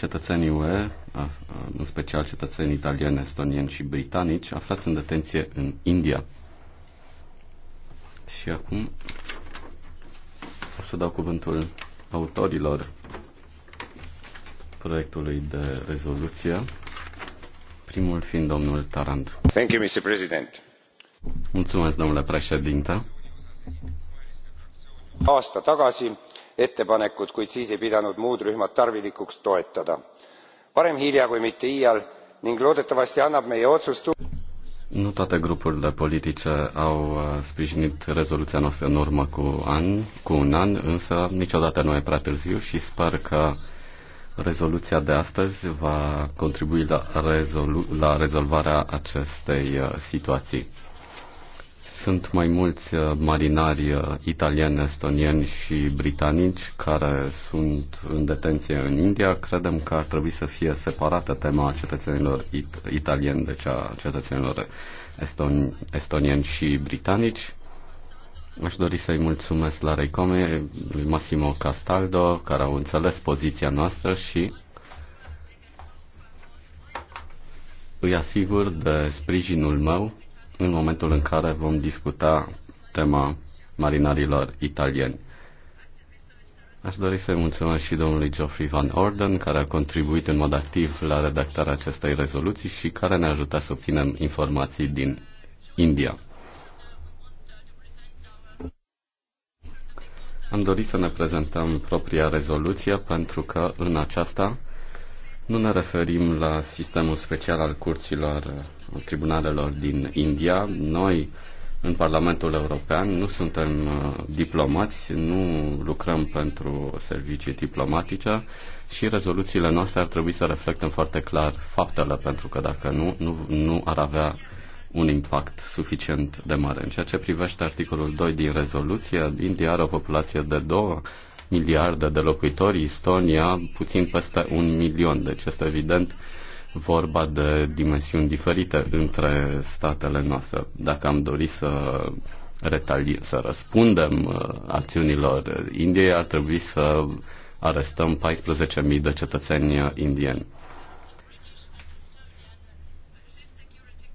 cetățenii UE, în special cetățenii italieni, estonieni și britanici, aflați în detenție în India. Și acum o să dau cuvântul autorilor proiectului de rezoluție, primul fiind domnul Tarand. Thank you, Mr. President. Mulțumesc, domnule președinte. Aasta tagasi ettepanekut kuid siis ei pidanud muud rühmad tarvilikuks toetada. parem hilja kui mitte iial ning loodetavasti annab meie otsus nu toate grupurile politice au uh, sprijinit rezoluția noastră în urmă cu, an, cu un an, însă niciodată nu e prea târziu și sper că rezoluția de astăzi va contribui la, rezolu- la rezolvarea acestei uh, situații. Sunt mai mulți uh, marinari uh, italieni, estonieni și britanici care sunt în detenție în India. Credem că ar trebui să fie separată tema cetățenilor it- italieni de cea cetățenilor eston- estonieni și britanici. Aș dori să-i mulțumesc la Recome, lui Massimo Castaldo, care au înțeles poziția noastră și îi asigur de sprijinul meu în momentul în care vom discuta tema marinarilor italieni. Aș dori să-i mulțumesc și domnului Geoffrey Van Orden, care a contribuit în mod activ la redactarea acestei rezoluții și care ne-a ajutat să obținem informații din India. Am dorit să ne prezentăm propria rezoluție pentru că în aceasta nu ne referim la sistemul special al curților, al uh, tribunalelor din India. Noi, în Parlamentul European, nu suntem uh, diplomați, nu lucrăm pentru servicii diplomatice și rezoluțiile noastre ar trebui să reflectăm foarte clar faptele, pentru că dacă nu, nu, nu ar avea un impact suficient de mare. În ceea ce privește articolul 2 din rezoluție, India are o populație de 2 miliarde de locuitori, Estonia puțin peste un milion. Deci este evident vorba de dimensiuni diferite între statele noastre. Dacă am dori să retali- să răspundem uh, acțiunilor Indiei, ar trebui să arestăm 14.000 de cetățeni indieni.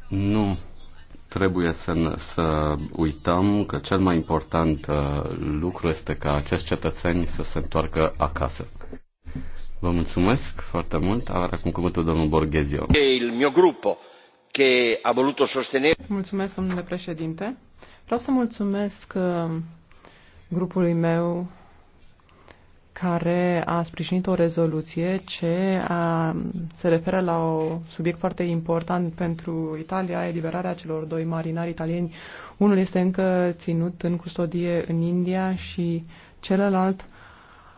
Nu trebuie să, să uităm că cel mai important uh, lucru este ca acești cetățeni să se întoarcă acasă. Vă mulțumesc foarte mult. Are acum cuvântul domnul Borghezio. Il mio gruppo che ha voluto sostenere. Mulțumesc, domnule președinte. Vreau să mulțumesc uh, grupului meu care a sprijinit o rezoluție ce a, se referă la un subiect foarte important pentru Italia, eliberarea celor doi marinari italieni. Unul este încă ținut în custodie în India și celălalt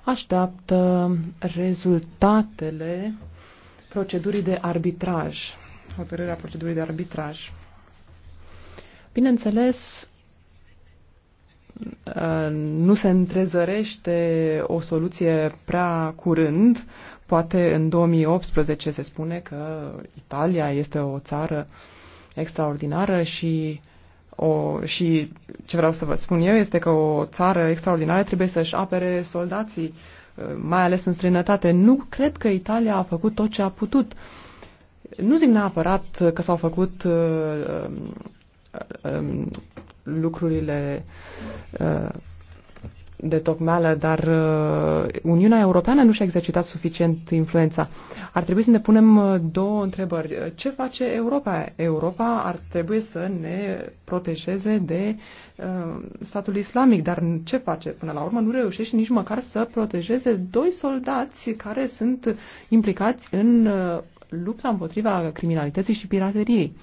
așteaptă rezultatele procedurii de arbitraj, hotărârea procedurii de arbitraj. Bineînțeles, Uh, nu se întrezărește o soluție prea curând. Poate în 2018 se spune că Italia este o țară extraordinară și o, și ce vreau să vă spun eu este că o țară extraordinară trebuie să-și apere soldații, uh, mai ales în străinătate. Nu cred că Italia a făcut tot ce a putut. Nu zic neapărat că s-au făcut uh, um, uh, um, lucrurile uh, de tocmeală, dar uh, Uniunea Europeană nu și-a exercitat suficient influența. Ar trebui să ne punem uh, două întrebări. Ce face Europa? Europa ar trebui să ne protejeze de statul islamic, dar ce face? Până la urmă nu reușește nici măcar să protejeze doi soldați care sunt implicați în lupta împotriva criminalității și pirateriei.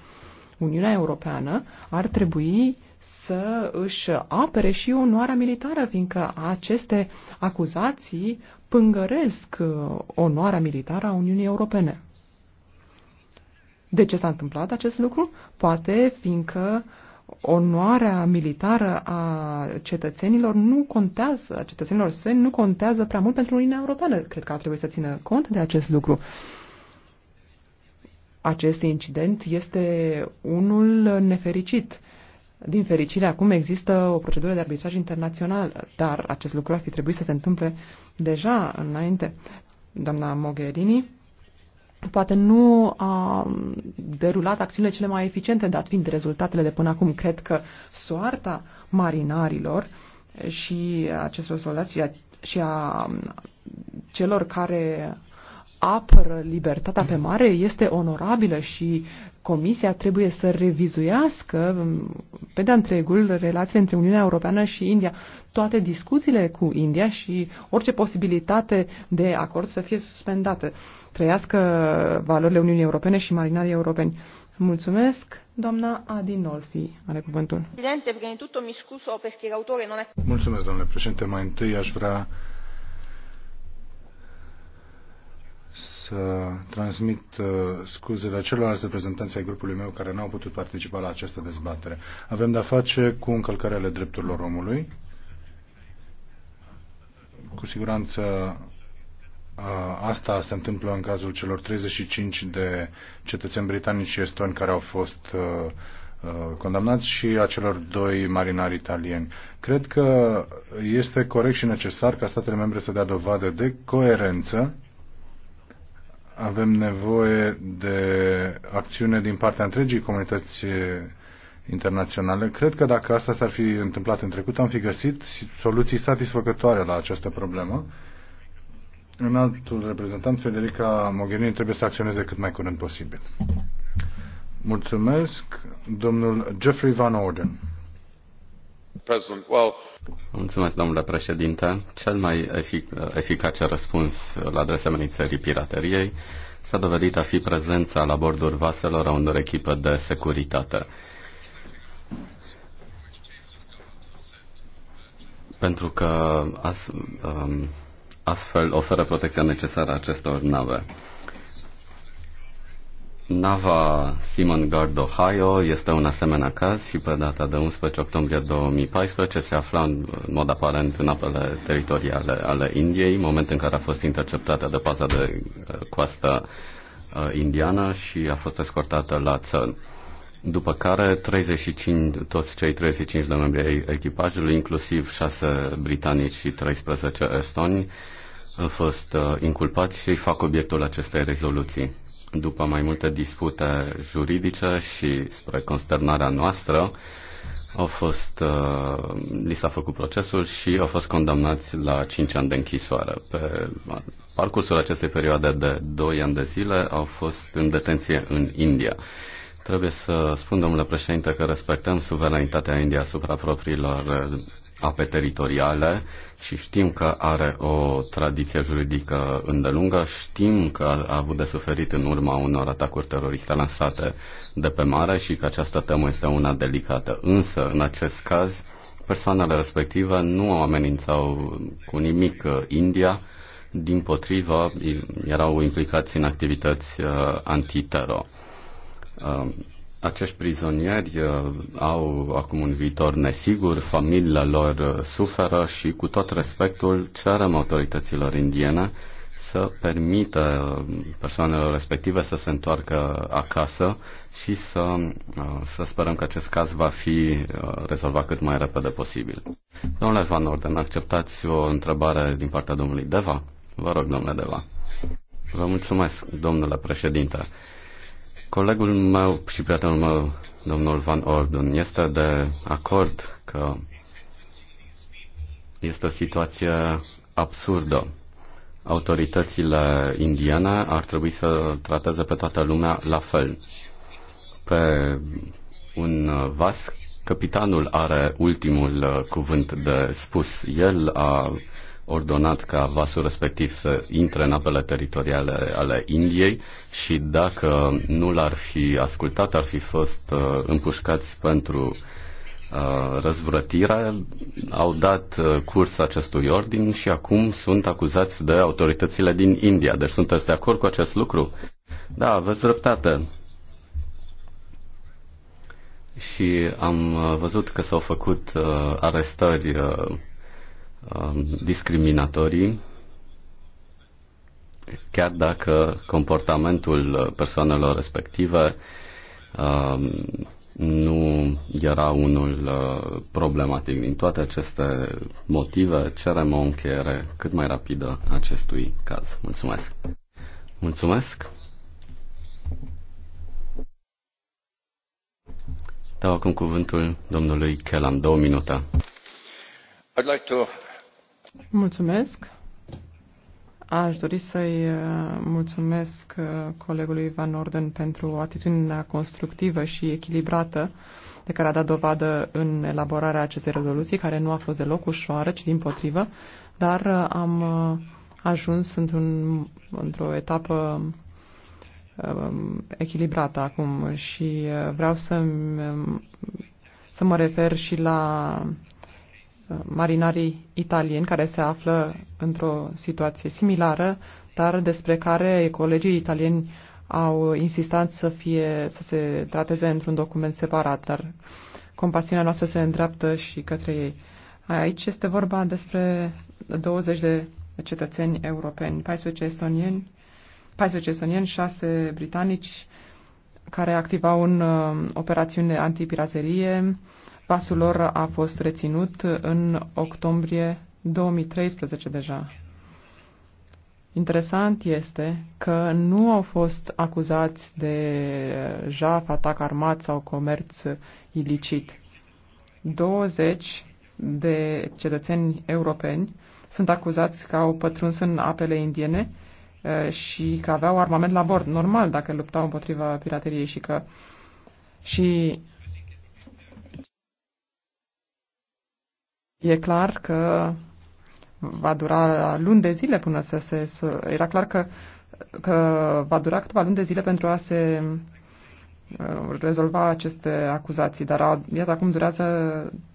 Uniunea Europeană ar trebui să își apere și onoarea militară, fiindcă aceste acuzații pângăresc uh, onoarea militară a Uniunii Europene. De ce s-a întâmplat acest lucru? Poate fiindcă onoarea militară a cetățenilor nu contează, a cetățenilor săi nu contează prea mult pentru Uniunea Europeană. Cred că ar trebui să țină cont de acest lucru. Acest incident este unul nefericit din fericire, acum există o procedură de arbitraj internațional, dar acest lucru ar fi trebuit să se întâmple deja înainte. Doamna Mogherini poate nu a derulat acțiunile cele mai eficiente, dat fiind rezultatele de până acum. Cred că soarta marinarilor și acestor soldați și a, și a celor care apără libertatea pe mare este onorabilă și Comisia trebuie să revizuiască um, pe de întregul relațiile între Uniunea Europeană și India. Toate discuțiile cu India și orice posibilitate de acord să fie suspendată. Trăiască valorile Uniunii Europene și marinarii europeni. Mulțumesc, doamna Adinolfi, are cuvântul. Mulțumesc, domnule președinte. Mai întâi aș vrea să transmit uh, scuzele celorlalți reprezentanți ai grupului meu care n-au putut participa la această dezbatere. Avem de-a face cu încălcarea ale drepturilor omului. Cu siguranță Asta se întâmplă în cazul celor 35 de cetățeni britanici și estoni care au fost uh, uh, condamnați și a celor doi marinari italieni. Cred că este corect și necesar ca statele membre să dea dovadă de coerență avem nevoie de acțiune din partea întregii comunități internaționale. Cred că dacă asta s-ar fi întâmplat în trecut, am fi găsit soluții satisfăcătoare la această problemă. În altul reprezentant, Federica Mogherini, trebuie să acționeze cât mai curând posibil. Mulțumesc, domnul Jeffrey Van Orden domnule președinte. Cel mai efic- eficace răspuns la adresa amenințării pirateriei s-a dovedit a fi prezența la bordul vaselor a unor echipe de securitate. Pentru că as, um, astfel oferă protecția necesară acestor nave. Nava Simon Guard Ohio este un asemenea caz și pe data de 11 octombrie 2014 se afla în mod aparent în apele teritoriale ale Indiei, moment în care a fost interceptată de paza de eh, coastă eh, indiană și a fost escortată la țăl. După care 35, toți cei 35 de membri ai echipajului, inclusiv 6 britanici și 13 estoni, au fost eh, inculpați și fac obiectul acestei rezoluții. După mai multe dispute juridice și spre consternarea noastră, au fost, uh, li s-a făcut procesul și au fost condamnați la 5 ani de închisoare. Pe parcursul acestei perioade de 2 ani de zile au fost în detenție în India. Trebuie să spun, domnule președinte, că respectăm suveranitatea India asupra propriilor ape teritoriale și știm că are o tradiție juridică îndelungă, știm că a avut de suferit în urma unor atacuri teroriste lansate de pe mare și că această temă este una delicată. Însă, în acest caz, persoanele respective nu amenințau cu nimic uh, India, din potrivă erau implicați în activități uh, antitero. Uh, acești prizonieri uh, au acum un viitor nesigur, familiile lor uh, suferă și cu tot respectul cerem autorităților indiene să permită uh, persoanelor respective să se întoarcă acasă și să, să sperăm că acest caz va fi rezolvat cât mai repede posibil. Domnule Van Orden, acceptați o întrebare din partea domnului Deva? Vă rog, domnule Deva. Vă mulțumesc, domnule președinte. Colegul meu și prietenul meu, domnul Van Orden, este de acord că este o situație absurdă. Autoritățile indiene ar trebui să trateze pe toată lumea la fel. Pe un vas, capitanul are ultimul uh, cuvânt de spus. El a ordonat ca vasul respectiv să intre în apele teritoriale ale Indiei și dacă nu l-ar fi ascultat, ar fi fost uh, împușcați pentru răzvrătirea uh, răzvrătire, au dat uh, curs acestui ordin și acum sunt acuzați de autoritățile din India. Deci sunteți de acord cu acest lucru? Da, aveți dreptate. Și am uh, văzut că s-au făcut arestări Um, discriminatorii, chiar dacă comportamentul persoanelor respective um, nu era unul uh, problematic. Din toate aceste motive, cerem o încheiere cât mai rapidă acestui caz. Mulțumesc! Mulțumesc! Dau acum cuvântul domnului Kelam, două minute. I'd like to Mulțumesc. Aș dori să-i uh, mulțumesc uh, colegului Van Orden pentru atitudinea constructivă și echilibrată de care a dat dovadă în elaborarea acestei rezoluții, care nu a fost deloc ușoară, ci din potrivă, dar uh, am ajuns într-un, într-o etapă um, echilibrată acum și vreau să, um, să mă refer și la marinarii italieni care se află într-o situație similară, dar despre care colegii italieni au insistat să, fie, să se trateze într-un document separat, dar compasiunea noastră se îndreaptă și către ei. Aici este vorba despre 20 de cetățeni europeni, 14 estonieni, 14 estonieni, 6 britanici, care activau în uh, operațiune antipiraterie, Pasul lor a fost reținut în octombrie 2013 deja. Interesant este că nu au fost acuzați de jaf, atac armat sau comerț ilicit. 20 de cetățeni europeni sunt acuzați că au pătruns în apele indiene eh, și că aveau armament la bord. Normal, dacă luptau împotriva pirateriei și că și E clar că va dura luni de zile până să se... era clar că, că va dura câteva luni de zile pentru a se uh, rezolva aceste acuzații, dar iată acum durează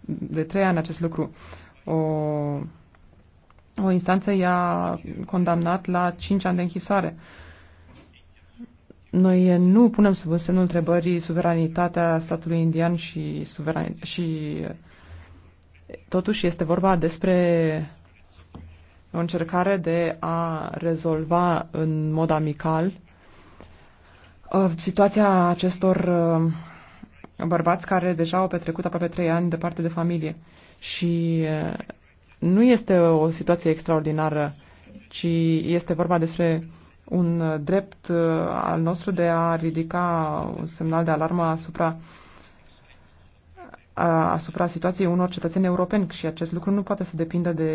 de trei ani acest lucru. O, o instanță i-a condamnat la cinci ani de închisoare. Noi nu punem sub semnul întrebării suveranitatea statului indian și, suveran- și uh, Totuși este vorba despre o încercare de a rezolva în mod amical uh, situația acestor uh, bărbați care deja au petrecut aproape trei ani departe de familie. Și uh, nu este o situație extraordinară, ci este vorba despre un drept al nostru de a ridica un semnal de alarmă asupra uh, asupra situației unor cetățeni europeni și acest lucru nu poate să depindă de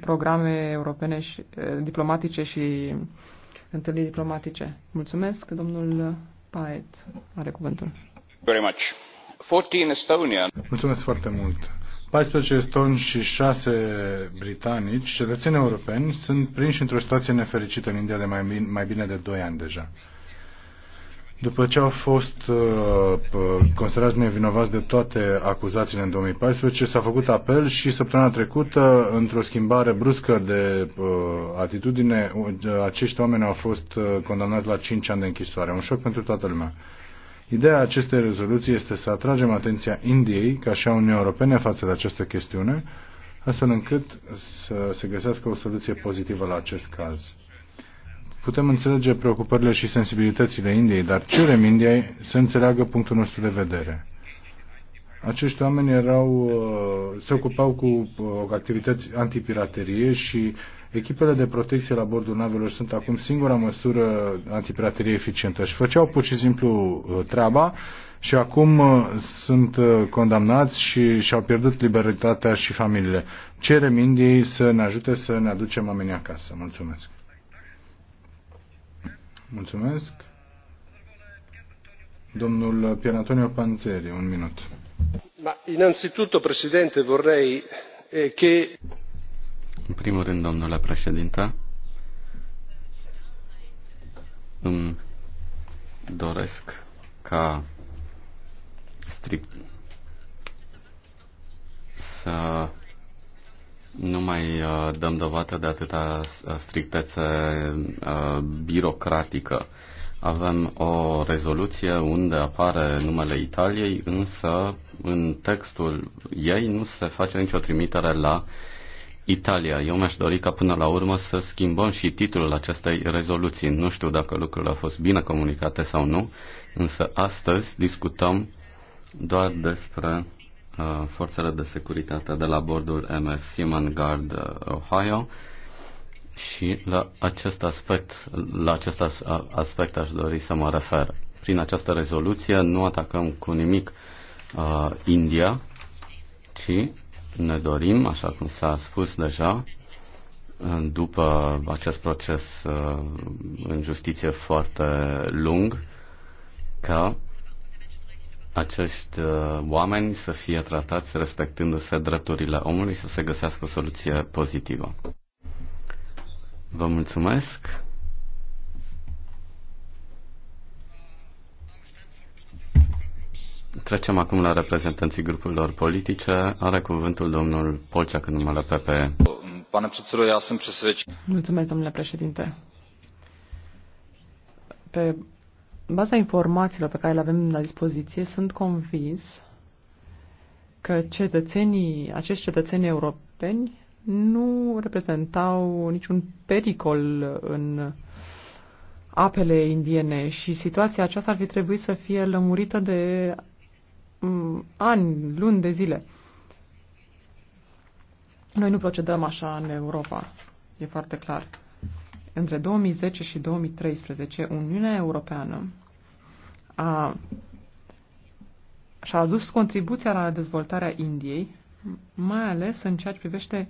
programe europene și diplomatice și întâlniri diplomatice. Mulțumesc, domnul Paet are cuvântul. Very much. 14 Estonia. Mulțumesc foarte mult. 14 estoni și 6 britanici, cetățeni europeni, sunt prinși într-o situație nefericită în India de mai bine, de 2 ani deja. După ce au fost uh, considerați nevinovați de toate acuzațiile în 2014, s-a făcut apel și săptămâna trecută, într-o schimbare bruscă de uh, atitudine, acești oameni au fost uh, condamnați la 5 ani de închisoare. Un șoc pentru toată lumea. Ideea acestei rezoluții este să atragem atenția Indiei, ca și a Uniunii Europene, față de această chestiune, astfel încât să se găsească o soluție pozitivă la acest caz. Putem înțelege preocupările și sensibilitățile Indiei, dar cerem Indiei să înțeleagă punctul nostru de vedere. Acești oameni erau, uh, se ocupau cu uh, activități antipiraterie și echipele de protecție la bordul navelor sunt acum singura măsură antipiraterie eficientă. Și făceau pur și simplu uh, treaba și acum sunt condamnați și și-au pierdut libertatea și familiile. Cerem Indiei să ne ajute să ne aducem oamenii acasă. Mulțumesc! Mulțumesc. Domnul Pier Antonio Panzeri, un minut. Ma innanzitutto, Presidente, vorrei eh, che... În primul rând, domnule președinte, îmi doresc ca strict să nu mai uh, dăm dovadă de atâta uh, strictețe uh, birocratică. Avem o rezoluție unde apare numele Italiei, însă în textul ei nu se face nicio trimitere la Italia. Eu mi-aș dori ca până la urmă să schimbăm și titlul acestei rezoluții. Nu știu dacă lucrurile au fost bine comunicate sau nu, însă astăzi discutăm doar despre Uh, forțele de securitate de la bordul MF Seaman Guard uh, Ohio și la acest aspect, la acest aspect aș dori să mă refer. Prin această rezoluție nu atacăm cu nimic uh, India, ci ne dorim, așa cum s-a spus deja, uh, după acest proces uh, în justiție foarte lung, ca acești uh, oameni să fie tratați respectându-se drepturile omului și să se găsească o soluție pozitivă. Vă mulțumesc! Trecem acum la reprezentanții grupurilor politice. Are cuvântul domnul Polcea în numele PPE. Pane předsedo, já jsem přesvědčen. Mulțumesc, domnule președinte. Pe în baza informațiilor pe care le avem la dispoziție, sunt convins că cetățenii, acești cetățeni europeni nu reprezentau niciun pericol în apele indiene și situația aceasta ar fi trebuit să fie lămurită de mm, ani, luni de zile. Noi nu procedăm așa în Europa, e foarte clar. Între 2010 și 2013, Uniunea Europeană a, și-a adus contribuția la dezvoltarea Indiei, mai ales în ceea ce privește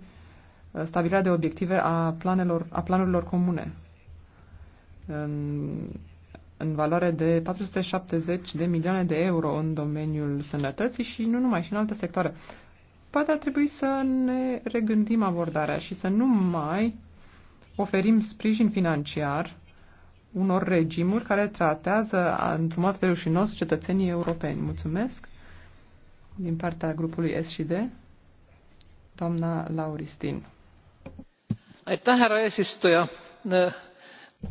uh, stabilirea de obiective a, planelor, a planurilor comune. În, în valoare de 470 de milioane de euro în domeniul sănătății și nu numai, și în alte sectoare. Poate ar trebui să ne regândim abordarea și să nu mai oferim sprijin financiar unor regimuri care tratează într-un mod felușinos cetățenii europeni. Mulțumesc din partea grupului S și D, doamna Lauristin.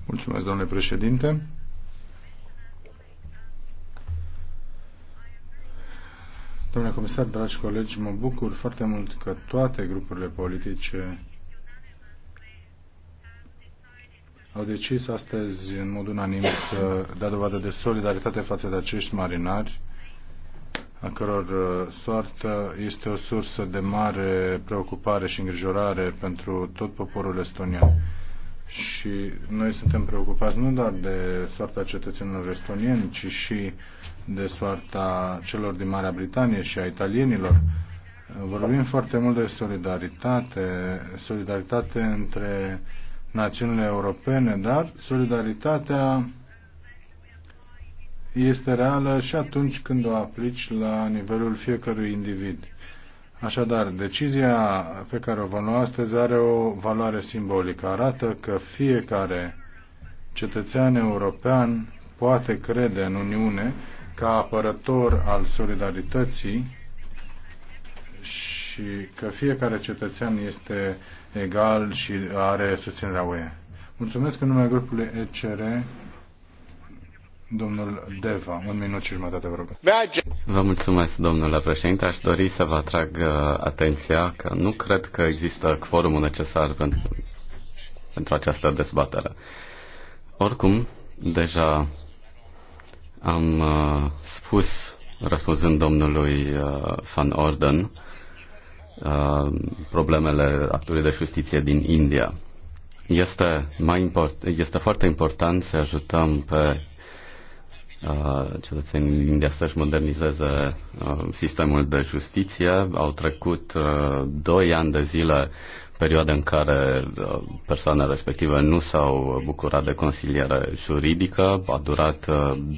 Mulțumesc, domnule președinte. Domnule comisar, dragi colegi, mă bucur foarte mult că toate grupurile politice au decis astăzi în mod unanim să dea dovadă de solidaritate față de acești marinari a căror uh, soartă este o sursă de mare preocupare și îngrijorare pentru tot poporul estonian. Și noi suntem preocupați nu doar de soarta cetățenilor estonieni, ci și de soarta celor din Marea Britanie și a italienilor. Vorbim foarte mult de solidaritate, solidaritate între uh, națiunile europene, dar solidaritatea este reală și atunci când o aplici la nivelul fiecărui individ. Așadar, decizia pe care o vom lua astăzi are o valoare simbolică. Arată că fiecare cetățean european poate crede în Uniune ca apărător al solidarității și că fiecare cetățean este egal și are susținerea UE. Mulțumesc în numele grupului ECR, domnul Deva. Un minut și jumătate, vă rog. Vă mulțumesc, domnule președinte. Aș dori să vă atrag uh, atenția că nu cred că există quorumul necesar pentru, pentru această dezbatere. Oricum, deja am uh, spus, răspunzând domnului uh, Van Orden, Uh, problemele actului de justiție din India. Este, mai import, este foarte important să ajutăm pe uh, cetățenii India să-și modernizeze uh, sistemul de justiție. Au trecut doi ani de zile perioada în care persoanele respective nu s-au bucurat de consiliere juridică. A durat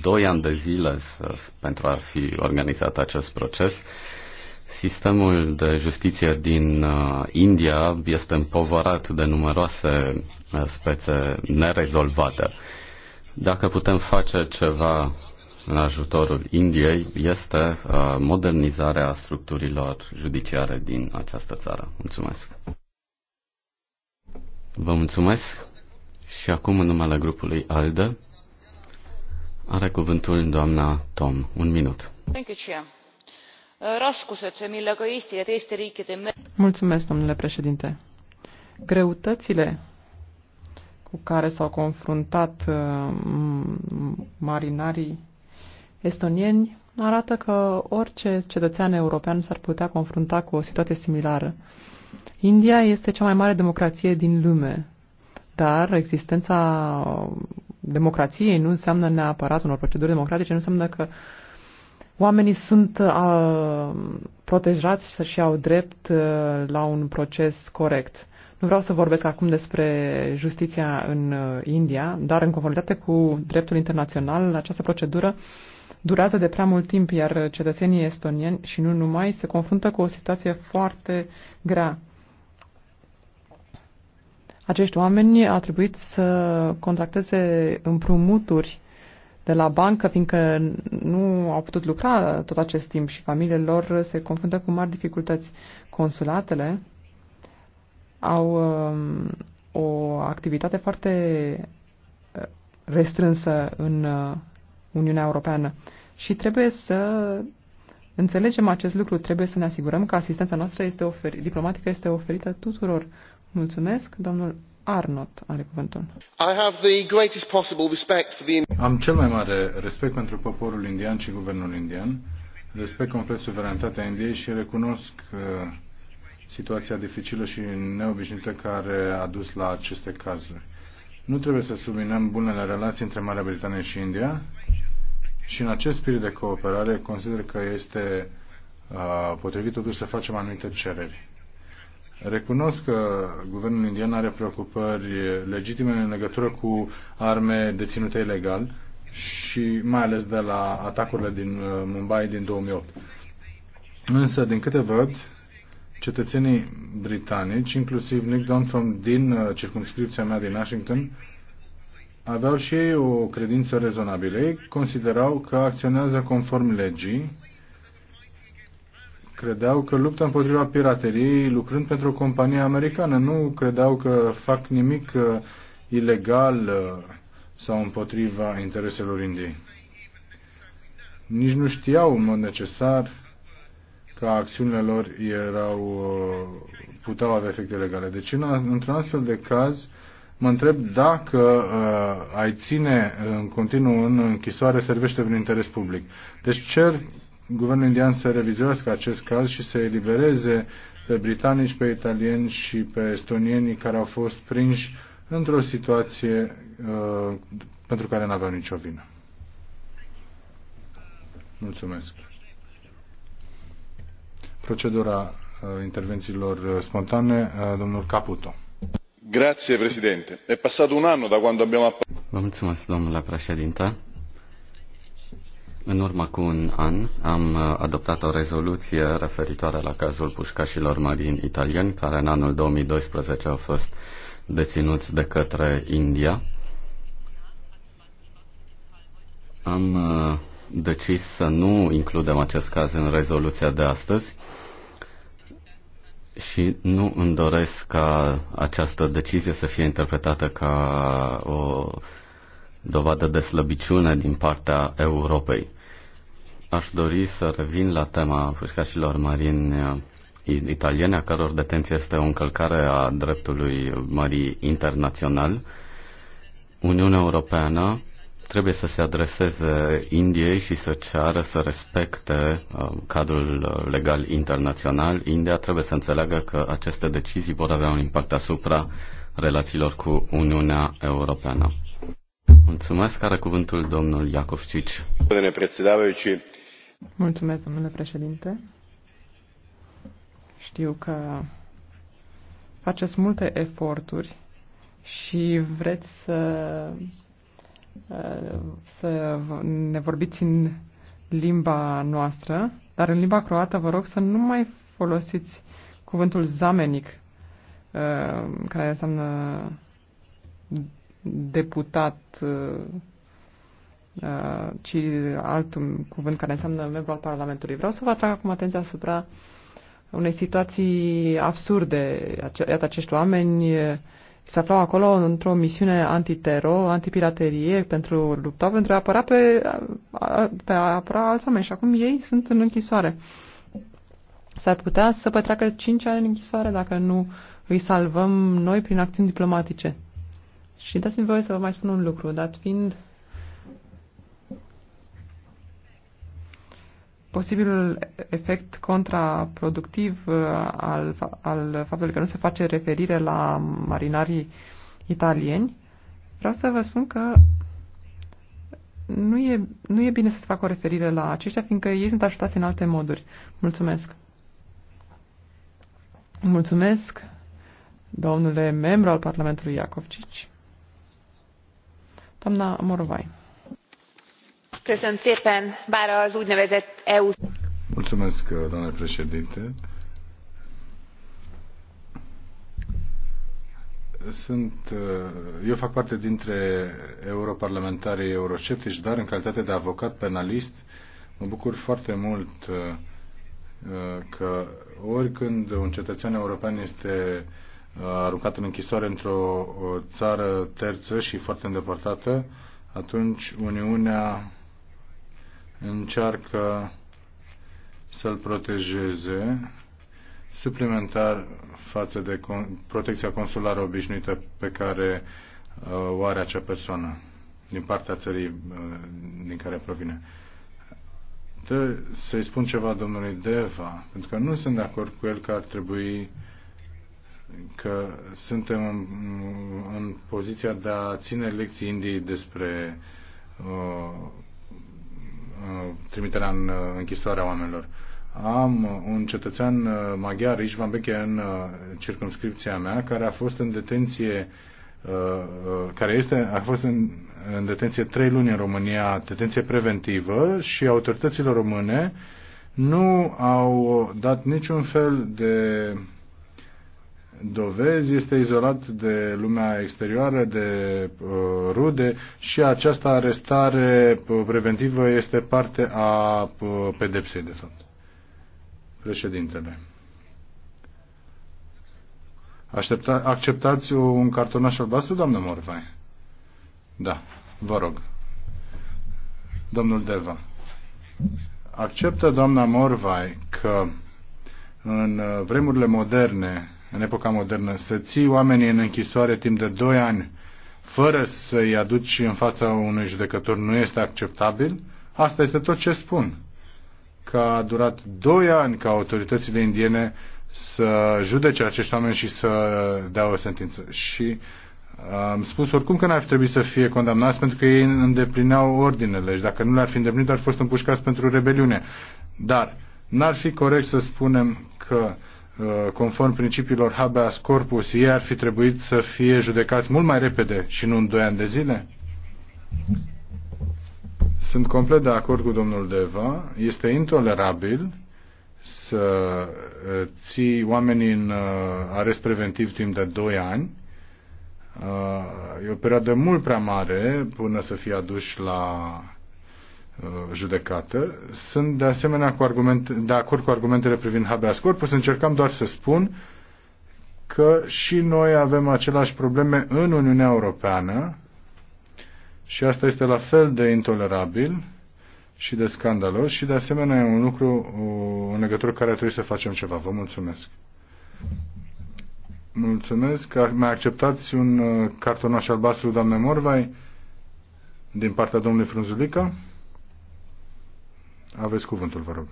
doi ani de zile să, pentru a fi organizat acest proces. Sistemul de justiție din uh, India este împovărat de numeroase uh, spețe nerezolvate. Dacă putem face ceva în ajutorul Indiei, este uh, modernizarea structurilor judiciare din această țară. Mulțumesc! Vă mulțumesc și acum în numele grupului ALDE are cuvântul doamna Tom. Un minut. Thank you, Chair. Mulțumesc, domnule președinte. Greutățile cu care s-au confruntat uh, marinarii estonieni arată că orice cetățean european s-ar putea confrunta cu o situație similară. India este cea mai mare democrație din lume, dar existența democrației nu înseamnă neapărat unor proceduri democratice, nu înseamnă că uh, Oamenii sunt uh, protejați să-și iau drept uh, la un proces corect. Nu vreau să vorbesc acum despre justiția în uh, India, dar în conformitate cu dreptul internațional, această procedură durează de prea mult timp, iar cetățenii estonieni și nu numai se confruntă cu o situație foarte grea. Acești oameni au trebuit să contracteze împrumuturi de la bancă, fiindcă nu au putut lucra tot acest timp și familiile lor se confruntă cu mari dificultăți. Consulatele au um, o activitate foarte uh, restrânsă în uh, Uniunea Europeană și trebuie să înțelegem acest lucru, trebuie să ne asigurăm că asistența noastră este oferi, diplomatică este oferită tuturor. Mulțumesc, domnul Arnott are cuvântul. I have the greatest possible respect for the am cel mai mare respect pentru poporul indian și guvernul indian. Respect complet suveranitatea Indiei și recunosc uh, situația dificilă și neobișnuită care a dus la aceste cazuri. Nu trebuie să subminăm bunele relații între Marea Britanie și India și în acest spirit de cooperare consider că este uh, potrivit totuși să facem anumite cereri. Recunosc că guvernul indian are preocupări legitime în legătură cu arme deținute ilegal și mai ales de la atacurile din uh, Mumbai din 2008. Însă, din câte văd, cetățenii britanici, inclusiv Nick Dunfrom din uh, circumscripția mea din Washington, aveau și ei o credință rezonabilă. Ei considerau că acționează conform legii credeau că luptă împotriva pirateriei lucrând pentru o companie americană. Nu credeau că fac nimic uh, ilegal uh, sau împotriva intereselor Indiei. Nici nu știau în mod necesar că acțiunile lor erau, uh, puteau avea efecte legale. Deci, într-un astfel de caz, mă întreb dacă uh, ai ține în continuu în închisoare servește vreun interes public. Deci cer guvernul indian să revizuiască acest caz și să elibereze pe britanici, pe italieni și pe estonienii care au fost prinși într-o situație uh, pentru care n-aveau nicio vină. Mulțumesc. Procedura uh, intervențiilor uh, spontane, uh, domnul Caputo. Grazie, președinte. E passat un anno da quando abbiamo Vă mulțumesc, domnule președinte. În urmă cu un an am uh, adoptat o rezoluție referitoare la cazul pușcașilor marini italieni care în anul 2012 au fost deținuți de către India. Am uh, decis să nu includem acest caz în rezoluția de astăzi și nu îmi doresc ca această decizie să fie interpretată ca o dovadă de slăbiciune din partea Europei. Aș dori să revin la tema fâșcașilor marini uh, italiene, a căror detenție este o încălcare a dreptului mării internațional. Uniunea Europeană trebuie să se adreseze Indiei și să ceară să respecte uh, cadrul legal internațional. India trebuie să înțeleagă că aceste decizii vor avea un impact asupra relațiilor cu Uniunea Europeană. Mulțumesc. Are cuvântul domnul Iacovcic. Domnule președinte. Mulțumesc, domnule președinte. Știu că faceți multe eforturi și vreți să, să ne vorbiți în limba noastră, dar în limba croată vă rog să nu mai folosiți cuvântul zamenic, uh, care înseamnă deputat, uh, uh, ci alt cuvânt care înseamnă membru al Parlamentului. Vreau să vă atrag acum atenția asupra unei situații absurde. Iată, acești oameni uh, se aflau acolo într-o misiune antitero, antipiraterie, pentru lupta, pentru a apăra pe, pe a apăra alți oameni. Și acum ei sunt în închisoare. S-ar putea să petreacă 5 ani în închisoare dacă nu îi salvăm noi prin acțiuni diplomatice. Și dați-mi voie să vă mai spun un lucru, dat fiind posibilul efect contraproductiv uh, al, al faptului că nu se face referire la marinarii italieni, vreau să vă spun că nu e, nu e bine să se facă o referire la aceștia, fiindcă ei sunt ajutați în alte moduri. Mulțumesc! Mulțumesc, domnule membru al Parlamentului Iacovcici. Doamna Morvai. Uh, domnule președinte. sunt, uh, eu fac parte dintre europarlamentarii eurosceptici, dar în calitate de avocat penalist mă bucur foarte mult uh, că oricând un cetățean european este aruncat în închisoare într-o țară terță și foarte îndepărtată, atunci Uniunea încearcă să-l protejeze suplimentar față de protecția consulară obișnuită pe care uh, o are acea persoană din partea țării uh, din care provine. Să-i spun ceva domnului Deva, pentru că nu sunt de acord cu el că ar trebui uh, că suntem în, în poziția de a ține lecții Indiei despre uh, uh, trimiterea în uh, închisoarea oamenilor. Am un cetățean uh, maghiar, Ișvan Beche, în uh, circumscripția mea, care a fost în detenție uh, care este, a fost în, în detenție trei luni în România, detenție preventivă și autoritățile române nu au dat niciun fel de dovezi, este izolat de lumea exterioară, de uh, rude și această arestare uh, preventivă este parte a uh, pedepsei, de fapt. Președintele. Aștepta, acceptați un cartonaș albastru, doamnă Morvai? Da, vă rog. Domnul Deva. Acceptă doamna Morvai că în uh, vremurile moderne în epoca modernă, să ții oamenii în închisoare timp de 2 ani fără să-i aduci în fața unui judecător nu este acceptabil, asta este tot ce spun. Că a durat 2 ani ca autoritățile indiene să judece acești oameni și să dea o sentință. Și uh, am spus oricum că n-ar fi trebuit să fie condamnați pentru că ei îndeplineau ordinele și dacă nu le-ar fi îndeplinit ar fi fost împușcați pentru rebeliune. Dar n-ar fi corect să spunem că Uh, conform principiilor habeas corpus, ei ar fi trebuit să fie judecați mult mai repede și nu în 2 ani de zile? Sunt complet de acord cu domnul Deva. Este intolerabil să uh, ții oamenii în uh, arest preventiv timp de 2 ani. E o perioadă mult prea mare până să fie aduși la Uh, judecată. Sunt de asemenea cu argument, de acord cu argumentele privind habeas corpus. Încercam doar să spun că și noi avem aceleași probleme în Uniunea Europeană și asta este la fel de intolerabil și de scandalos și de asemenea e un lucru uh, în legătură care trebuie să facem ceva. Vă mulțumesc. Mulțumesc. Mai acceptați un uh, cartonaș albastru, doamne Morvai, din partea domnului Frunzulica? Aveți cuvântul, vă rog.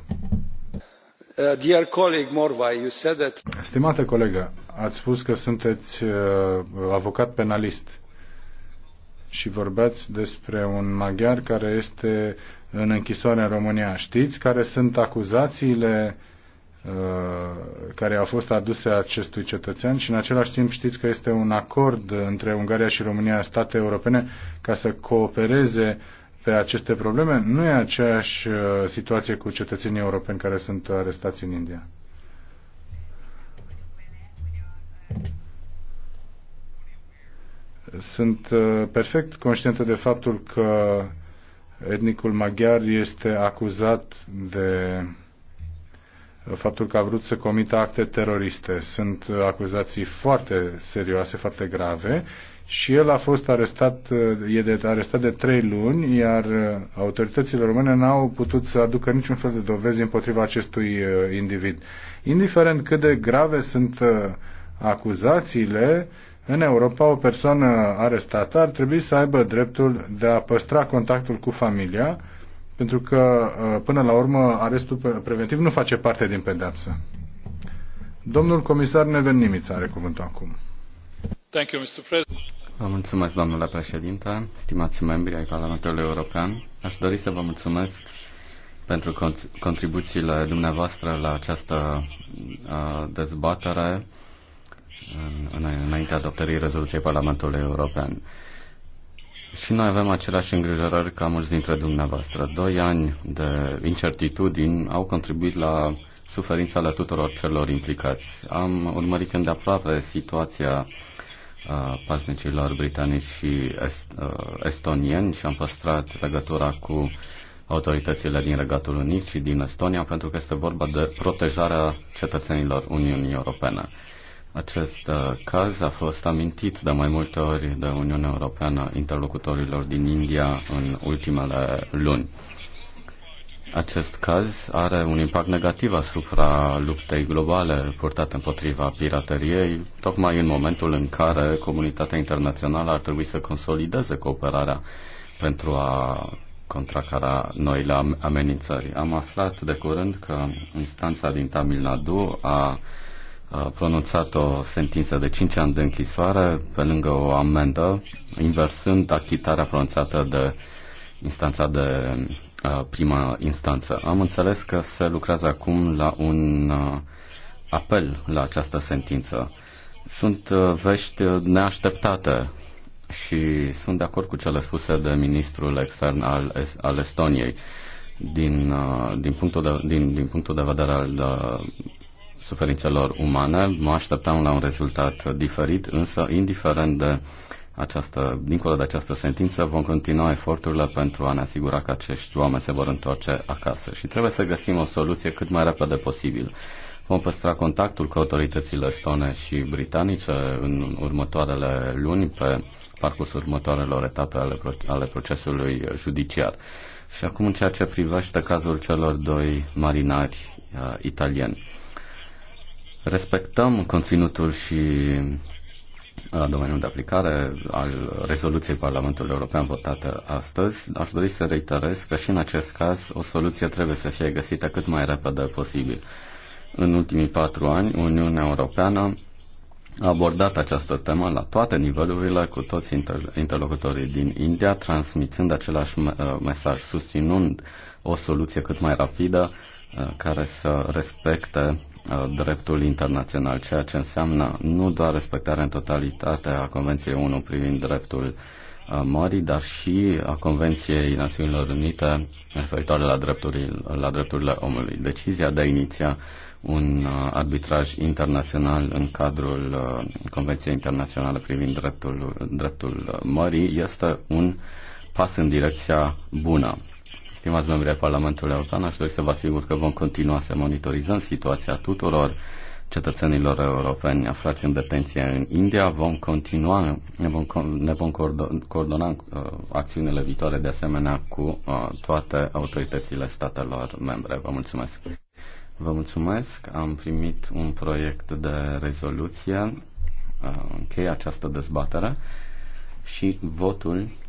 Uh, dear colleague Morvai, you said that... Stimată colegă, ați spus că sunteți uh, avocat penalist și vorbeați despre un maghiar care este în închisoare în România. Știți care sunt acuzațiile uh, care au fost aduse acestui cetățean și în același timp știți că este un acord între Ungaria și România, state europene, ca să coopereze pe aceste probleme, nu e aceeași uh, situație cu cetățenii europeni care sunt arestați în India. Sunt uh, perfect conștientă de faptul că etnicul maghiar este acuzat de faptul că a vrut să comită acte teroriste. Sunt acuzații foarte serioase, foarte grave și el a fost arestat, e de, arestat de trei luni, iar autoritățile române n-au putut să aducă niciun fel de dovezi împotriva acestui uh, individ. Indiferent cât de grave sunt uh, acuzațiile, în Europa o persoană arestată ar trebui să aibă dreptul de a păstra contactul cu familia, pentru că, uh, până la urmă, arestul preventiv nu face parte din pedeapsă. Domnul comisar Neven Nimiț are cuvântul acum. Thank you, Mr. President. Vă mulțumesc, domnule președinte, stimați membri ai Parlamentului European. Aș dori să vă mulțumesc pentru contribuțiile dumneavoastră la această uh, dezbatere înaintea adoptării rezoluției Parlamentului European. Și noi avem aceleași îngrijorări ca mulți dintre dumneavoastră. Doi ani de incertitudini au contribuit la suferința ale tuturor celor implicați. Am urmărit îndeaproape situația uh, pasnicilor britanici și est, uh, estonieni și am păstrat legătura cu autoritățile din Regatul Unit și din Estonia pentru că este vorba de protejarea cetățenilor Uniunii Europene. Acest uh, caz a fost amintit de mai multe ori de Uniunea Europeană interlocutorilor din India în ultimele luni. Acest caz are un impact negativ asupra luptei globale purtate împotriva pirateriei, tocmai în momentul în care comunitatea internațională ar trebui să consolideze cooperarea pentru a contracara noile amenințări. Am aflat de curând că instanța din Tamil Nadu a a pronunțat o sentință de 5 ani de închisoare pe lângă o amendă, inversând achitarea pronunțată de instanța de prima instanță. Am înțeles că se lucrează acum la un apel la această sentință. Sunt vești neașteptate și sunt de acord cu cele spuse de ministrul extern al, al Estoniei. Din, din, punctul de, din, din punctul de vedere al suferințelor umane. Mă așteptam la un rezultat diferit, însă, indiferent de această, dincolo de această sentință, vom continua eforturile pentru a ne asigura că acești oameni se vor întoarce acasă și trebuie să găsim o soluție cât mai repede posibil. Vom păstra contactul cu autoritățile estone și britanice în următoarele luni pe parcursul următoarelor etape ale, pro- ale procesului judiciar. Și acum în ceea ce privește cazul celor doi marinari uh, italieni respectăm conținutul și uh, domeniul de aplicare al rezoluției Parlamentului European votată astăzi, aș dori să reiterez că și în acest caz o soluție trebuie să fie găsită cât mai repede posibil. În ultimii patru ani, Uniunea Europeană a abordat această temă la toate nivelurile cu toți interlocutorii din India, transmițând același uh, mesaj, susținând o soluție cât mai rapidă uh, care să respecte Uh, dreptul internațional, ceea ce înseamnă nu doar respectarea în totalitate a Convenției 1 privind dreptul uh, mării, dar și a Convenției Națiunilor Unite referitoare la, drepturi, la drepturile omului. Decizia de a iniția un uh, arbitraj internațional în cadrul Convenției Internaționale privind dreptul, dreptul mării este un pas în direcția bună stimați membri ai Parlamentului European, aș dori să vă asigur că vom continua să monitorizăm situația tuturor cetățenilor europeni aflați în detenție în India. Vom continua, ne vom, ne vom coordona uh, acțiunile viitoare de asemenea cu uh, toate autoritățile statelor membre. Vă mulțumesc! Vă mulțumesc! Am primit un proiect de rezoluție. Uh, închei această dezbatere și votul